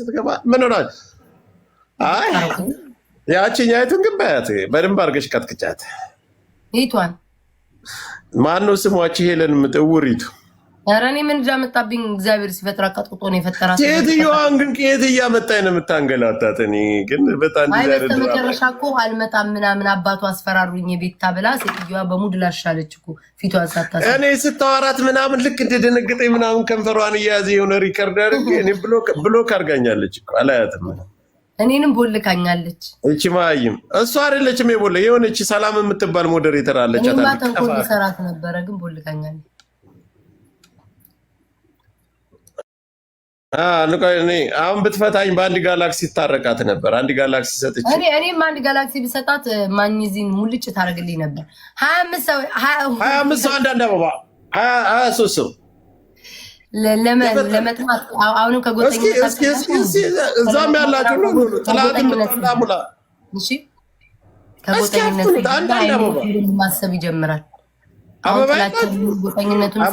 ስትገባ ምን ሆናል? አይ ያቺኛይቱን ግን በያት በደንብ አድርገሽ ቀጥቅጫት። ይቷን ማነው ስሟች ሄለን ምጥውሪቱ ኧረ እኔ ምን እዳ መጣብኝ። እግዚአብሔር ሲፈጥር አቃጥቆ ነው የፈጠራ። ሴትዮዋን ግን ከየት እያመጣኝ ነው የምታንገላታት? እኔ ግን በጣም መጨረሻ እኮ አልመጣም ምናምን አባቱ አስፈራሩኝ ቤታ ብላ ሴትዮዋ በሙድ ላሻለች እኮ ፊቷ ሳታ እኔ ስታወራት ምናምን ልክ እንደደነገጠ ምናምን ከንፈሯን እያያዘ የሆነ ሪከርድ አድርግ እኔ ብሎክ አድርጋኛለች። አላያትም እኔንም ቦልካኛለች። እቺ ማይም እሱ አይደለችም የቦለ የሆነች ሰላም የምትባል ሞደሬተር አለች። ተንኮል ሰራት ነበረ ግን ቦልካኛለች። አሁን ብትፈታኝ በአንድ ጋላክሲ ታረቃት ነበር። አንድ ጋላክሲ ሰጥቼ እኔም አንድ ጋላክሲ ብሰጣት ማግኔዚን ሙልጭ ታደርግልኝ ነበር። ሀያ አምስት ሰው አንዳንድ አበባ ሀያ ሶስት ሰው ለመጥማት አሁንም ከጎጠኝ እዛም ያላችሁ ጥላት ምጣሙላ ማሰብ ይጀምራል። አበባ ጎጠኝነቱን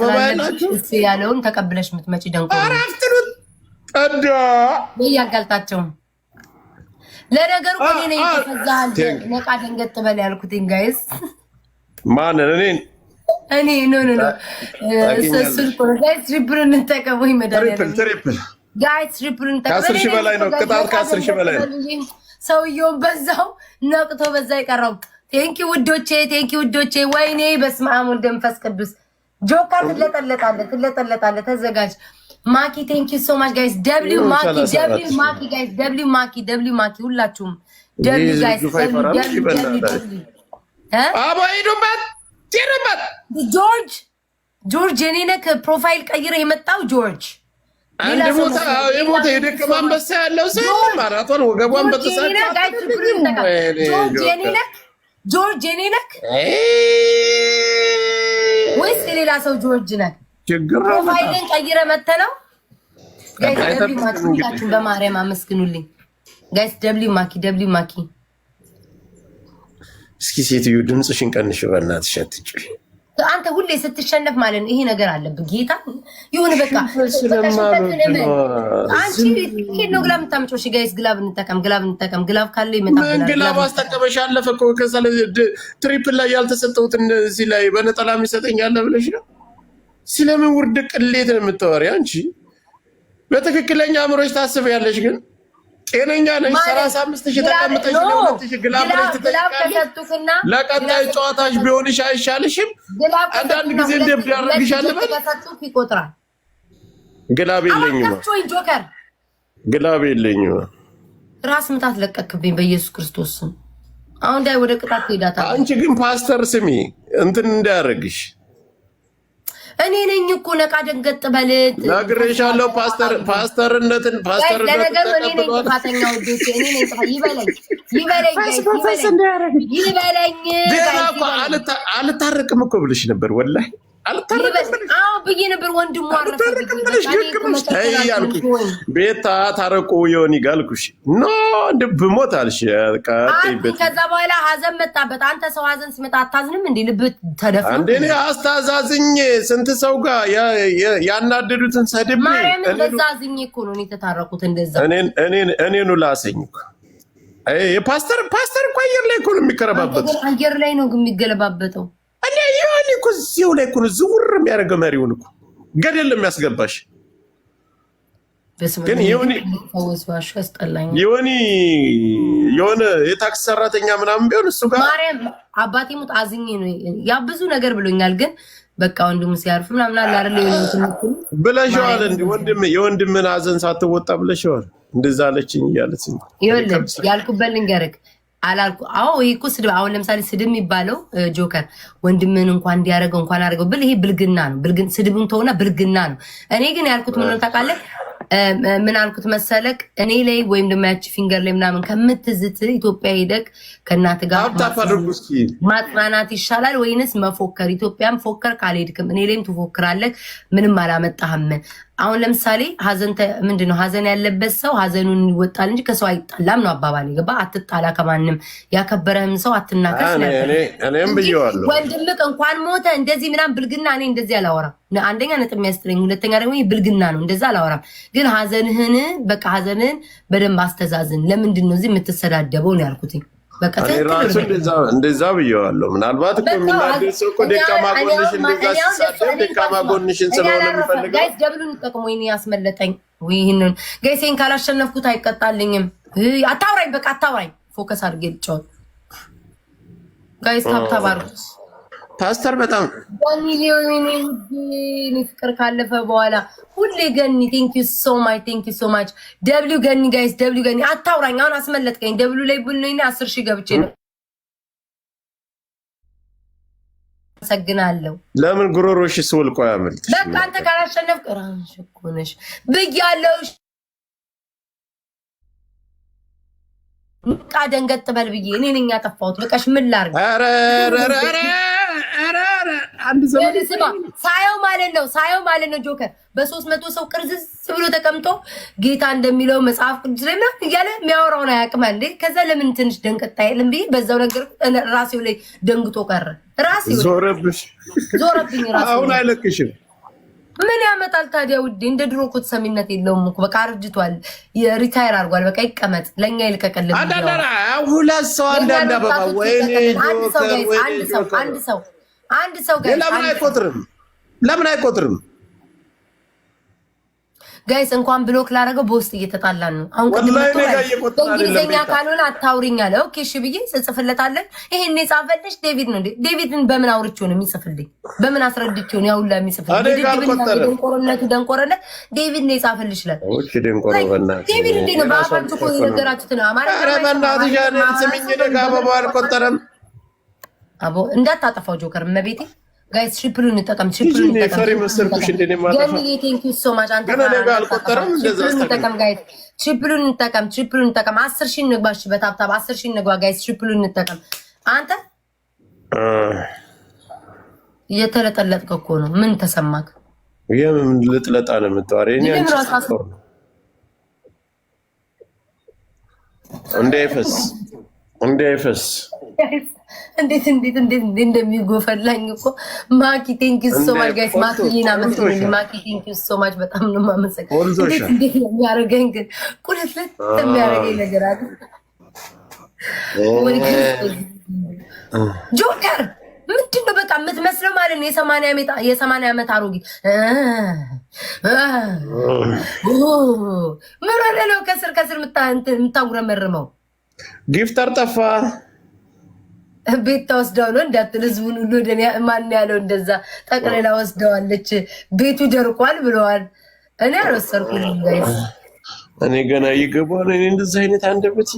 ያለውን ተቀብለሽ የምትመጪ ደንቆ ያጋልጣቸው። ለነገሩ እኔ ነኝ የተፈዛሃል። ነቃ ደንገጥ በል ያልኩትኝ ጋይስ ማንን እኔ እኔ ኖ ኖ ኖ ጋይስ፣ ትሪፕል እንጠቀም ወይ ጋይስ፣ ትሪፕል እንጠቀም። ከአስር ሺህ በላይ ነው ቅጣት፣ ከአስር ሺህ በላይ ነው። ሰውየውን በዛው ነቅቶ በዛ የቀረው ቴንኪ ውዶቼ፣ ቴንኪ ውዶቼ። ወይኔ በስመ አብ ቅዱስ ጆካ ትለጠለጣለ ትለጠለጣለ ተዘጋጅ። ማኪ ቴንኪ ሶ ማች ጋይስ። ደብሊው ማኪ ደብሊው ማኪ ጋይስ ደብሊው ማኪ ደብሊው ማኪ ሁላችሁም ጆርጅ ጆርጅ የኔ ነህ ፕሮፋይል ቀይረ የመጣው ጆርጅ ጆርጅ የኔ ጆርጅ ወይስ የሌላ ሰው ጆርጅ ነህ? ፕሮፋይልን ቀይረ መተ ነው። ጋይስ ደብሊው ማኪ ሁላችሁም በማርያም አመስግኑልኝ። ጋይስ ደብሊው ማኪ ደብሊው ማኪ። እስኪ ሴትዮ ድምፅሽን ቀንሽ በእናትሽ አትጭ አንተ ሁሌ ስትሸነፍ ማለት ነው። ይሄ ነገር አለብህ ጌታ ይሁን በቃ አንቺ ነው ግላብ የምታመጪው። እሺ ጋይስ ግላብ እንጠቀም፣ ግላብ እንጠቀም። ግላብ ካለ ይመጣብናል። ግላብ አስጠቀመሽ አለፈ እኮ ከዛ ትሪፕል ላይ ያልተሰጠሁት እዚህ ላይ በነጠላም ይሰጠኛል አለ ብለሽ ነው። ስለምን ውርድ ቅሌት ነው የምታወሪ አንቺ? በትክክለኛ አእምሮች ታስበያለሽ ግን ጤነኛ ነሽ? ሰላሳ አምስት ሺህ ተቀምጠሽ ለሁለት ሺህ ግላብ ብለሽ ትጠይቃለሽ። ለቀጣይ ጨዋታሽ ቢሆንሽ አይሻልሽም? አንዳንድ ጊዜ እንደብድ ያደርግሻል። በል ግላብ የለኝም፣ ግላብ የለኝም። ራስ ምታት ለቀክብኝ በኢየሱስ ክርስቶስ ስም። አሁን ዳይ ወደ ቅጣት ሄዳታ። አንቺ ግን ፓስተር ስሚ እንትን እንዳያደርግሽ እኔ ነኝ እኮ ነቃ ደንገጥ በልት ነግሬሻለሁ። ፓስተር ፓስተርነትን ፓስተር ለነገሩ እኔ ነኝ ጥፋተኛው። እኔ ነኝ ይበለኝ ይበለኝ ይበለኝ ይበለኝ። አልታረቅም እኮ ብልሽ ነበር ወላሂ ብዬ ነበር ወንድሙ አልታረቅም ቤታ ታረቁ የሆን ይጋልኩሽ ኖ ብሞት አልሽ። ከዛ በኋላ ሀዘን መጣበት። አንተ ሰው ሀዘን ሲመጣ አታዝንም እንዴ? ልብ ተደፍ እንዴ? አስታዛዝኝ ስንት ሰው ጋር ያናደዱትን ሰድብ ማርያምን እኮ ነው የተታረቁት። እንደዛ እኔኑ ላሰኝ ፓስተር እኮ አየር ላይ እኮ ነው የሚከረባበት። አየር ላይ ነው እንደ ያን እኮ እዚሁ ላይ እኮ ዝውር የሚያደርገው መሪውን እኮ ገደል የሚያስገባሽ ግን የሆኒ የሆነ የታክስ ሰራተኛ ምናምን ቢሆን እሱ ጋር ማርያም አባቴ ሙት አዝኜ ነው ያ ብዙ ነገር ብሎኛል። ግን በቃ ወንድሙ ሲያርፍ ምናምን አለ አይደል ብለሽዋል። እንደ ወንድም የወንድምን አዘን ሳትወጣ ብለሽዋል። እንደዛ አለችኝ እያለች ይኸውልህ ያልኩበት ልንገርህ አላልኩ። አዎ ይሄ እኮ ስድብ። አሁን ለምሳሌ ስድብ የሚባለው ጆከር ወንድምን እንኳን እንዲያደርገው እንኳን አደርገው ብል ይሄ ብልግና ነው። ስድብን ተውና ብልግና ነው። እኔ ግን ያልኩት ምን ታውቃለህ? ምን አልኩት መሰለክ፣ እኔ ላይ ወይም ደሞ ያቺ ፊንገር ላይ ምናምን ከምትዝት ኢትዮጵያ ሄደክ ከእናት ጋር ይሻላል ወይንስ መፎከር? ኢትዮጵያም ፎከር ካልሄድክም እኔ ላይም ትፎክራለህ፣ ምንም አላመጣህም። አሁን ለምሳሌ ሀዘን ምንድን ነው ሀዘን ያለበት ሰው ሀዘኑን ይወጣል እንጂ ከሰው አይጣላም ነው አባባል። ገባ አትጣላ ከማንም ያከበረህም ሰው አትናከስ። ብየዋለሁ ወንድምህ እንኳን ሞተ እንደዚህ ምናም ብልግና እኔ እንደዚህ አላወራም። አንደኛ ነጥብ የሚያስጥለኝ፣ ሁለተኛ ደግሞ ብልግና ነው እንደዛ አላወራም። ግን ሀዘንህን በቃ ሀዘንህን በደንብ አስተዛዝን። ለምንድን ነው እዚህ የምትሰዳደበው ነው ያልኩትኝ። እንደዛ ብየዋለሁ። ምናልባት እኮ የሚናገር ሰው እኮ ደካማ ጎንሽ እንደዛ ሲሳደብ ደካማ ጎንሽን ስለሆነ የሚፈልገው ጋይስ ደብሉን ጠቅሞ ያስመለጠኝ ይህንን ጋይሴን ካላሸነፍኩት አይቀጣልኝም። አታውራኝ፣ በቃ አታውራኝ። ፎከስ አድርጌ ልጫወት ጋይስ ታብታባርኩት ፓስተር በጣም ዋን ሚሊዮን እኔ ፍቅር ካለፈ በኋላ ሁሌ ገኒ ቴንክ ዩ ሶ ማች ቴንክ ዩ ሶ ማች ደብሊው ገኒ ጋይስ ደብሊው ገኒ አታውራኝ። አሁን አስመለጥከኝ። ደብሊው ላይ ብል ነው አስር ሺህ ገብቼ ነው። አመሰግናለሁ። ለምን ጉሮሮሽ ስውል ቆይ አመልጥ በቃ አንተ ካላሸነፍ ቅራንሽ እኮ ነሽ ብያለሁ። ቃ ደንገጥ በል ብዬ እኔ ነኝ ያጠፋሁት። በቃሽ ምን ላድርግ? አንድ ዘመን ሳየው ማለት ነው ሳየው ማለት ነው ጆከር በሶስት መቶ ሰው ቅርዝዝ ብሎ ተቀምጦ ጌታ እንደሚለው መጽሐፍ ቅዱስ ላይ ምናምን እያለ የሚያወራውን አያውቅም እንዴ? ከዛ ለምን ትንሽ ደንቀጣ የለም ብዬ በዛው ነገር ራሴው ላይ ደንግቶ ቀረ። ራሴው ዞረብሽ ዞረብኝ። ራሴው አሁን አይለቅሽም። ምን ያመጣል ታዲያ ውዴ? እንደ ድሮ እኮ ተሰሚነት የለውም እኮ በቃ አርጅቷል፣ ሪታይር አድርጓል። በቃ ይቀመጥ፣ ለእኛ ይልቀቅልን። ሁለት ሰው አንዳንድ አበባ ወይ አንድ ሰው አንድ ሰው አንድ ሰው ጋር ለምን አይቆጥርም? ለምን አይቆጥርም? ጋይስ እንኳን ብሎክ ላደረገው በውስጥ እየተጣላ ነው። አሁን በእንግሊዝኛ ካልሆነ አታውሪኛለ። ኦኬ እሺ ብዬ ስጽፍለታለን። ይሄን የጻፈልሽ ዴቪድ ነው። ዴቪድን በምን አውርቼው ነው የሚጽፍልኝ? በምን አስረድቼው ነው ያውላ የሚጽፍልኝ? ደንቆረነቱ ደንቆረነት ዴቪድ ነው የጻፈልሽ ይላል። ዴቪድ እንዴ ነው በአፋችሁ ነገራችሁት ነው። አማራ ስምኝ ደጋ አበባ አልቆጠረም አቦ እንዳታጠፋው ጆከር መቤቴ ጋይስ ሽፕሉን እንጠቀም። ሽፕሉን እንጠቀም። እንጠቀም። እንጠቀም። አስር እንግባ። እሺ በታብታብ አስር እንግባ ጋይስ። እንጠቀም። አንተ እኮ ነው። ምን ተሰማክ? የምን ልጥለጣ ነው እንዳይፈስ እንዳይፈስ እንዴት እንዴት እንዴት እንደሚጎፈላኝ እኮ ማኪ ቴንክ ዩ ሶ ማች ጋይስ። ማኪና መስሎኝ ማኪ ቴንክ ዩ ሶ ማች በጣም ነው ማመሰግ። እንዴት እንዴት የሚያደርገኝ ግን ቁለት ለት የሚያደርገኝ ነገር አለ። ጆከር ምንድን ነው በቃ የምትመስለው ማለት ነው። የሰማንያ ዓመት አሮጊት ምን ሆነ ነው ከስር ከስር የምታጉረመርመው? ጊፍተር ጠፋ ቤታ ወስደው ነው እንዳትል ህዝቡን ሁሉ ማን ያለው እንደዛ ጠቅልላ ወስደዋለች። ቤቱ ደርቋል ብለዋል። እኔ አልወሰድኩም። እኔ ገና እየገባሁ እኔ እንደዛ አይነት አንደበት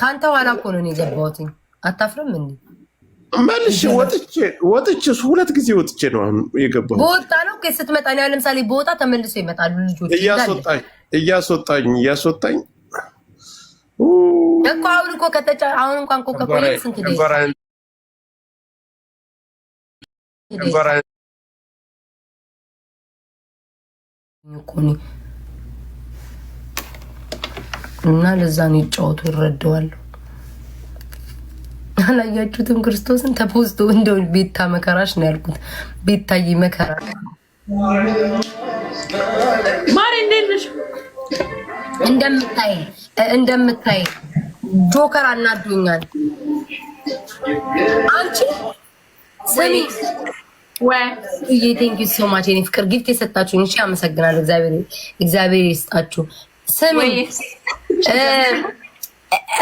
ከአንተ ኋላ እኮ ነው የገባሁት። አታፍርም እንዴ? መልሼ ወጥቼ ወጥቼ ሁለት ጊዜ ወጥቼ ነው አሁን የገባሁት። በወጣ ነው ስትመጣ ነው። ለምሳሌ በወጣ ተመልሶ ይመጣሉ ልጆች። እያስወጣኝ እያስወጣኝ እያስወጣኝ እኮ አሁን እኮ ከተጫ አሁን እንኳን እኮ ከቆየ ስንት ዴይዝ እና ለዛን ይጫወቱ ይረደዋለሁ። አላያችሁትም? ክርስቶስን ተፖስቶ እንደው ቤታ መከራሽ ነው ያልኩት። ቤታዬ መከራ ማሪ እንደምታይ እንደምታይ ጆከር አናዱኛል። አንቺ ስሚ ወይ ቴንክ ዩ ሶ ማች የኔ ፍቅር ጊፍት የሰጣችሁ እሺ፣ አመሰግናለሁ። እግዚአብሔር እግዚአብሔር ይስጣችሁ። ስሚ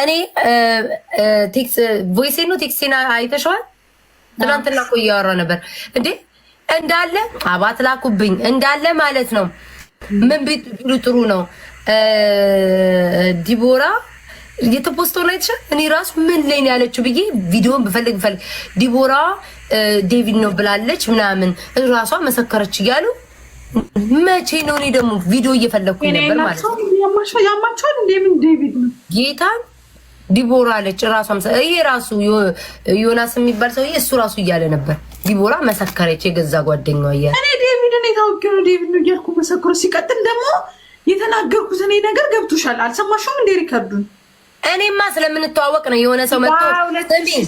እኔ ቴክስ ቮይሴ ነው ቴክስቴና አይተሸዋል። ትናንትና እኮ እያወራ ነበር እንዴ እንዳለ አባት ላኩብኝ እንዳለ ማለት ነው። ምን ቤት ጥሩ ነው ዲቦራ የተፖስተውን አይተሻል? እኔ ራሱ ምን ላይ ነው ያለችው ብዬ ቪዲዮን ብፈልግ ብፈልግ ዲቦራ ዴቪድ ነው ብላለች ምናምን ራሷ መሰከረች እያሉ መቼ ነው እኔ ደግሞ ቪዲዮ እየፈለግኩ ነበር ማለት ነው። ያማቸዋል እንደምን ዴቪድ ነው ጌታን ዲቦራ አለች ራሷ። መሰ ይሄ ራሱ ዮናስ የሚባል ሰውዬ እሱ ራሱ እያለ ነበር ዲቦራ መሰከረች፣ የገዛ ጓደኛዋ እያለ እኔ ዴቪድን የታወቂ ነው ዴቪድ ነው እያልኩ መሰክሮ ሲቀጥል ደግሞ የተናገርኩት እኔ ነገር ገብቶሻል። አልሰማሽውም እንዴ ሪከርዱን እኔማ ስለምንተዋወቅ ነው። የሆነ ሰው መጥቶ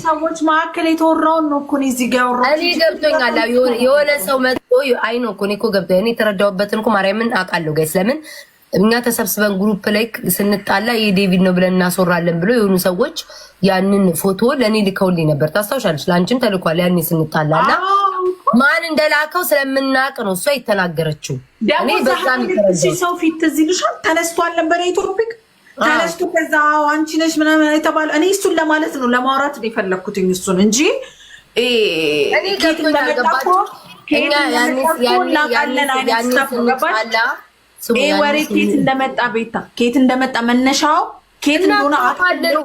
ሰዎች መካከል የተወራውን ነው እኮ እዚህ ጋር ያወራሁት። እኔ ገብቶኛል። የሆነ ሰው መጥቶ አይ ነው እኮ እኔ እኮ ገብቶ እኔ የተረዳሁበትን እኮ ማርያምን አውቃለሁ። ጋይ ስለምን እኛ ተሰብስበን ግሩፕ ላይ ስንጣላ ይሄ ዴቪድ ነው ብለን እናስወራለን ብሎ የሆኑ ሰዎች ያንን ፎቶ ለእኔ ልከውልኝ ነበር። ታስታውሻለች? ለአንቺም ተልኳል። ያኔ ስንጣላ ማን እንደላከው ስለምናውቅ ነው እሷ የተናገረችው። እኔ በዛ ሰው ፊት ትዝ ይልሻል። ተነስቷል ነበር የኢትዮፒክ ተነስቶ ከዛ አንቺ ነሽ ምናምን የተባለ እኔ እሱን ለማለት ነው ለማውራት ነው የፈለግኩትኝ እሱን እንጂ ወሬ ኬት እንደመጣ ቤታ ኬት እንደመጣ መነሻው ኬት እንደሆነ